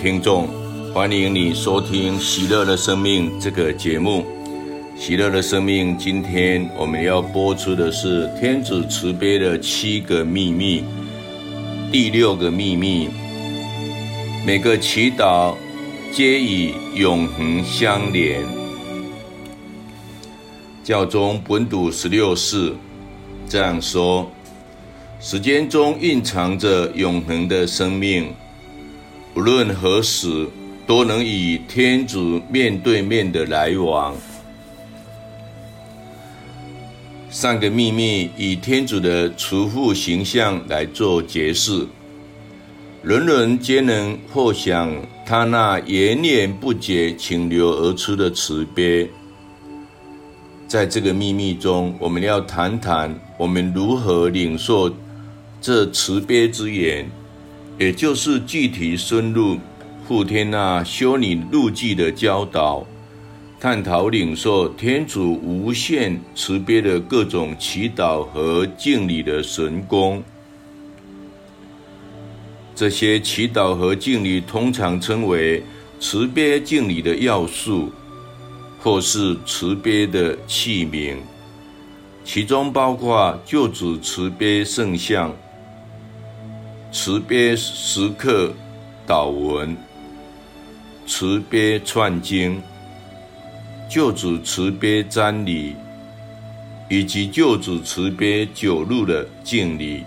聽眾，歡迎你收聽《喜樂的生命》這個節目。《喜樂的生命》，今天我們要播出的是天主慈悲的七個秘密，第六個秘密：每個祈禱皆與永恆相連。教宗本篤十六世這樣說：“時間中蘊藏着永恆的生命。”無論何時，都能與天主面對面的來往。上個秘密以天主的慈父形象來做解釋，人人皆能獲享他那延綿不絕、傾流而出的慈悲。在這個秘密中，我們要談談我們如何領受這慈悲之言。也就是具體深入傅天娜修女路記的教導，探討領受天主無限慈悲的各種祈禱和敬禮的神功。這些祈禱和敬禮通常稱為慈悲敬禮的要素，或是慈悲的器皿，其中包括救主慈悲聖像。慈悲時刻禱文，慈悲串經，救主慈悲瞻禮，以及救主慈悲九日的敬禮。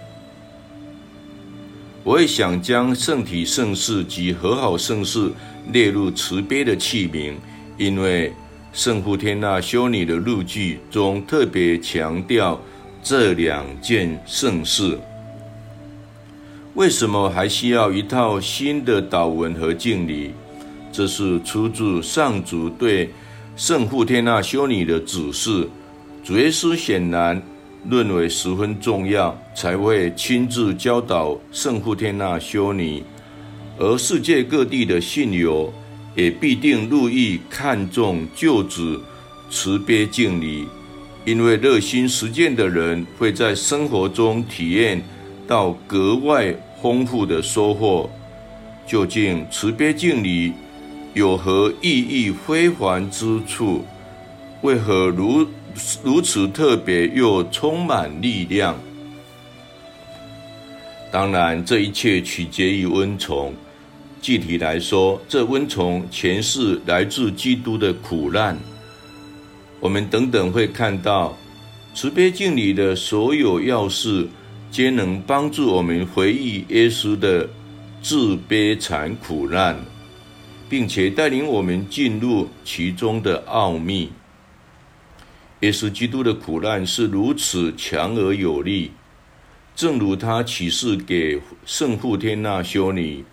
我也想將聖體聖事及和好聖事列入慈悲的器皿，因為聖傅天娜修女的日記中特別強調這兩件聖事。為什麼還需要一套新的禱文和敬禮？這是出自上主對聖傅天娜修女的指示。主耶穌顯然認為十分重要，才會親自教導聖傅天娜修女。而世界各地的信友也必定樂意看重救主慈悲敬禮，因為熱心實踐的人會在生活中體驗。到格外豐富的收穫，究竟慈悲敬禮有何意義非凡之處？為何如如此特別又充滿力量？當然，這一切取決於恩寵。具體來說，這恩寵全是來自基督的苦難。我們等等會看到，慈悲敬禮的所有要事，皆能幫助我們回憶耶穌的至悲慘苦難，並且帶領我們進入其中的奧秘。耶穌基督的苦難是如此強而有力，正如他啟示給聖傅天娜修女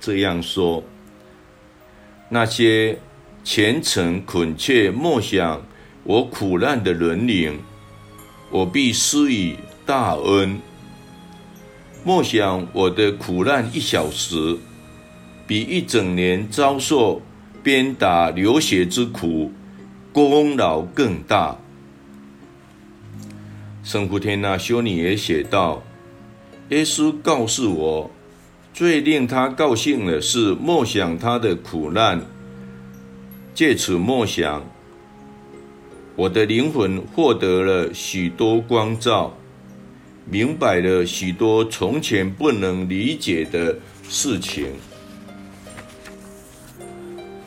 這樣說：“那些虔誠懇切默想我苦難的人靈，我必施以大恩，默想我的苦難一小時，比一整年遭受鞭打流血之苦功勞更大。聖傅天娜修女也寫道：“耶穌告訴我，最令他高興的是默想他的苦難，借此默想，我的靈魂獲得了許多光照。”明白了許多從前不能理解的事情。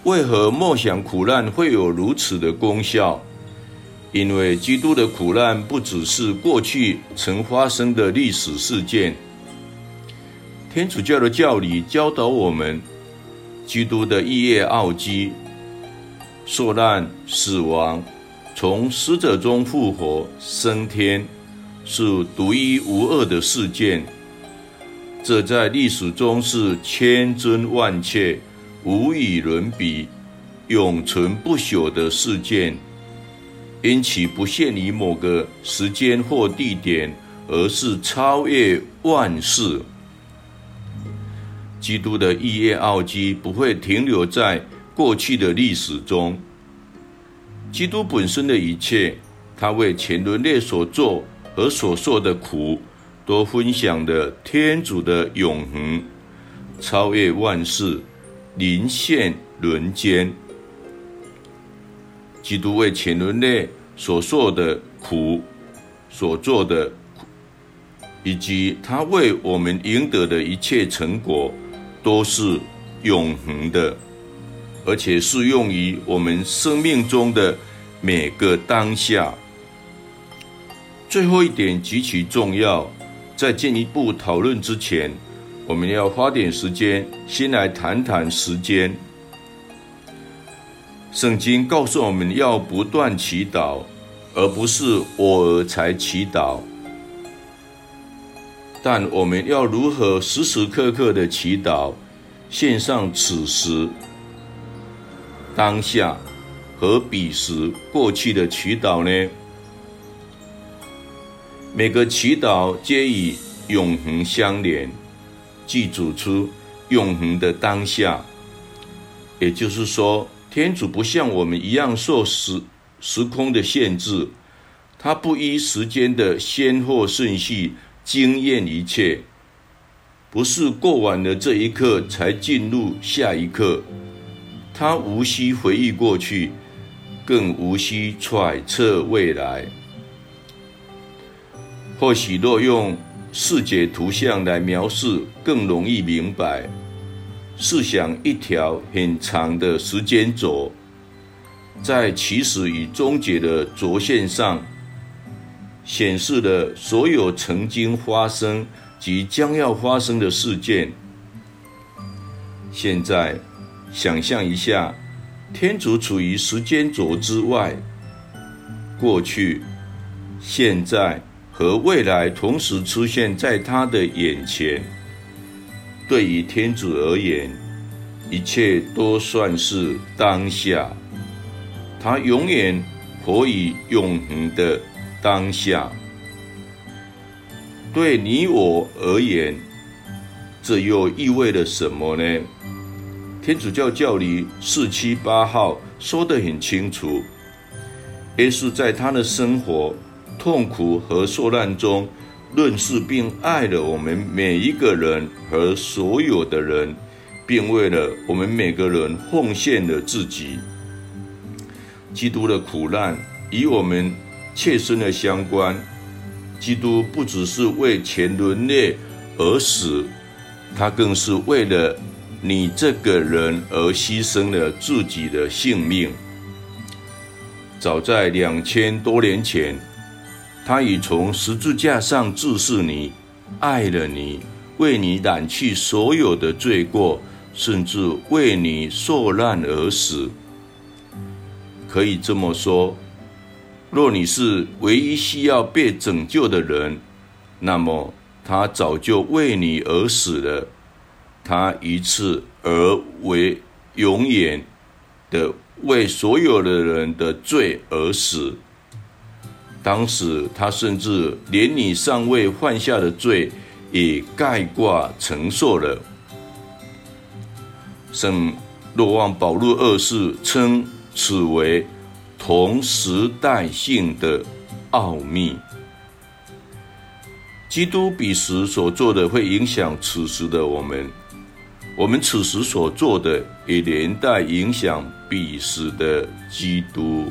為何默想苦難會有如此的功效？因為基督的苦難不只是過去曾發生的歷史事件。天主教的教理教導我們，基督的逾越奧蹟、受難、死亡、從死者中復活、升天。是獨一無二的事件，這在歷史中是千真萬確、無與倫比、永存不朽的事件，因其不限於某個時間或地點，而是超越萬事。基督的逾越奧蹟不會停留在過去的歷史中，基督本身的一切，他為全人類所做，而所受的苦，都分享的天主的永恆，超越萬事，臨現人間。基督為全人類所受的苦，所做的，以及他為我們贏得的一切成果，都是永恆的，而且適用於我們生命中的每個當下。最後一點極其重要，在進一步討論之前，我們要花點時間，先來談談時間。聖經告訴我們要不斷祈禱，而不是偶爾才祈禱。但我們要如何時時刻刻的祈禱，獻上此時、當下和彼時過去的祈禱呢？每個祈禱皆與永恆相連，祭祖出永恆的當下。也就是說，天主不像我們一樣受時時空的限制，他不依時間的先後順序經驗一切，不是過完了這一刻才進入下一刻，他無需回憶過去，更無需揣測未來。或許若用視覺圖像來描述，更容易明白。試想一條很長的時間軸，在起始與終結的軸線上，顯示了所有曾經發生及將要發生的事件。現在，想象一下，天主處於時間軸之外，過去，現在、和未來同時出現在他的眼前，對於天主而言，一切都算是當下。他永遠可以永恆的當下。對你我而言，這又意味了什麼呢？天主教教理四七八號說得很清楚：耶穌在他的生活。痛苦和受難中，認識並愛了我們每一個人和所有的人，並為了我們每個人奉獻了自己。基督的苦難與我們切身的相關。基督不只是為全人類而死，他更是為了你這個人而犧牲了自己的性命。早在兩千多年前，他已從十字架上注視你，愛了你，為你攬去所有的罪過，甚至為你受難而死。可以這麼說：若你是唯一需要被拯救的人，那麼他早就為你而死了。他一次而為永遠的為所有的人的罪而死。當時，他甚至連你尚未犯下的罪也概括承受了。聖若望保祿二世稱此為同時代性的奧秘。基督彼時所做的，會影響此時的我們；我們此時所做的，也連帶影響彼時的基督。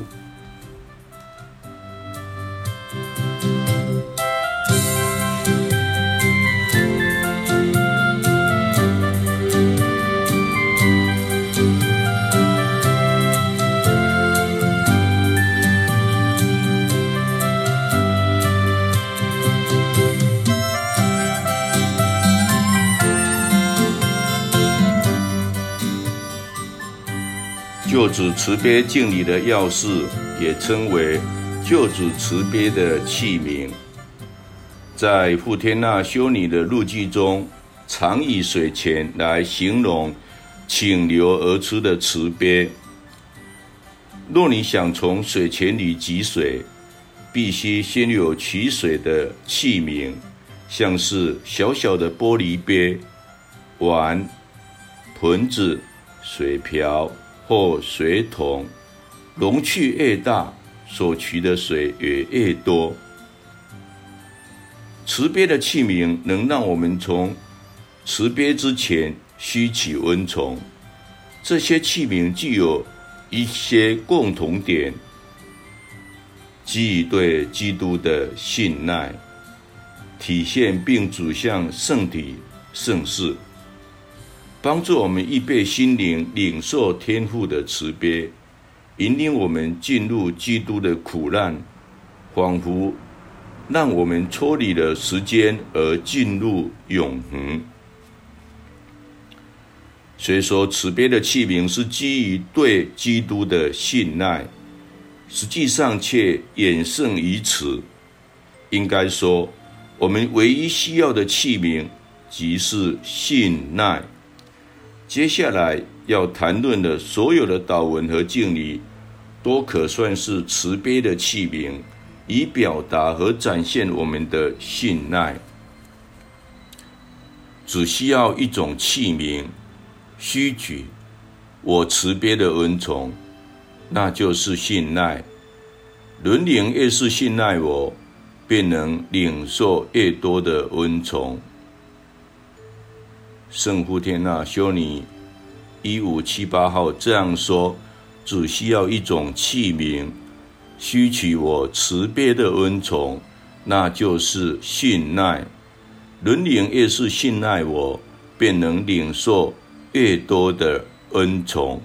救主慈悲敬禮的鑰匙，也稱為救主慈悲的器皿。在傅天娜修女的日記中，常以水泉來形容傾流而出的慈悲。若你想從水泉裡汲水，必須先有取水的器皿，像是小小的玻璃杯、碗、盆子、水瓢。或水桶，容器越大，所取的水也越多。慈悲的器皿能讓我們從慈悲之前吸取蚊蟲。這些器皿具有一些共同點，基於對基督的信賴，體現並指向聖體聖事。幫助我們預備心靈，領受天父的慈悲，引領我們進入基督的苦難，仿佛讓我們脫離了時間而進入永恆。所以說，慈悲的器皿是基於對基督的信賴，實際上卻遠勝於此。應該說，我們唯一需要的器皿，即是信賴。接下來要談論的所有的禱文和敬禮，都可算是慈悲的器皿，以表達和展現我們的信賴。只需要一種器皿，汲取我慈悲的恩寵，那就是信賴。人靈越是信賴我，便能領受越多的恩寵。聖傅天娜、啊，修女一五七八號這樣說：“只需要一種器皿，吸取我慈悲的恩寵，那就是信賴。人靈越是信賴我，便能領受越多的恩寵。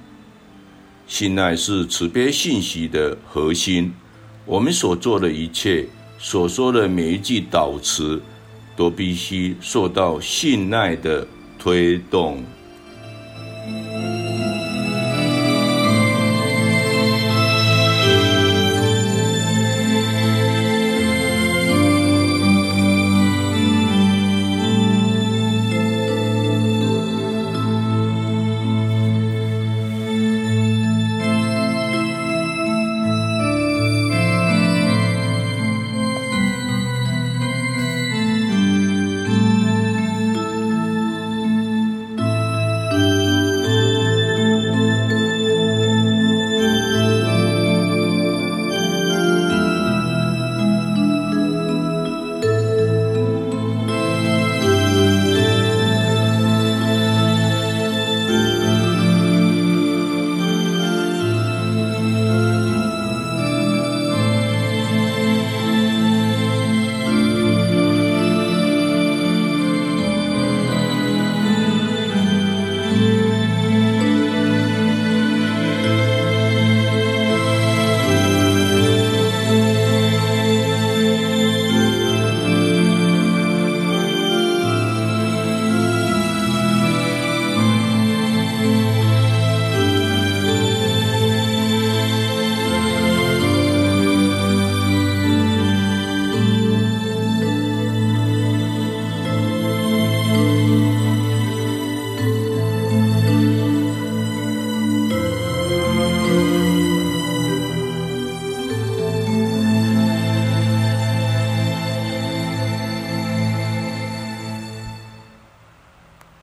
信賴是慈悲信息的核心。我們所做的一切，所說的每一句禱詞，都必須受到信賴的。”推動。